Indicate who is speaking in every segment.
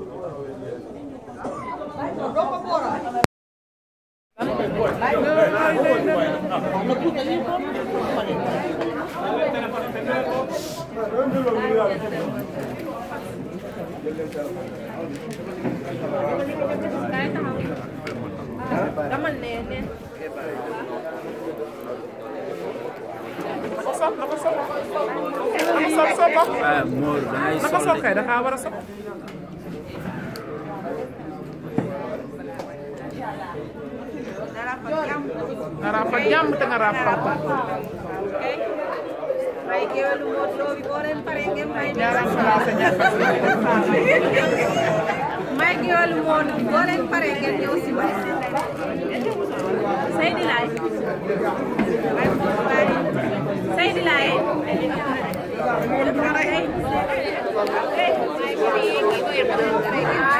Speaker 1: naka soo kay dafa war a soppi nga raaf ak jàmm te nga raaf xam-xam. waaye géwélu Modou Lo bi boo leen paree ngeen may.
Speaker 2: may géwélu Modou bi boo leen paree ngeen ñëw si ma.
Speaker 1: Seydi Laye. Seydi Laye. Seydi Laye.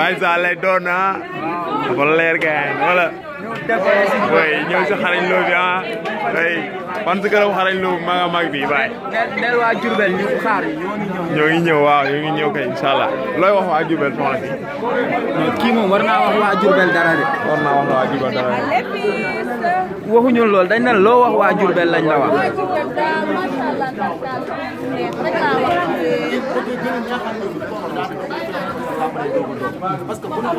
Speaker 1: Baye Sall lay doon ah dafa leer gaay wala si xarañ loo bi ah way fan si këram xarañ mag a mag bi baay del waa Jurbel ñu xaar ñoo ngi ñëw ñoo ngi ñëw kay incha allah looy wax waa Jurbel soxna si kii war naa wax waa Jurbel dara de war naa wax waa Jurbel dara de waxuñu lool dañ ne loo wax waa Jurbel lañ la wax parce que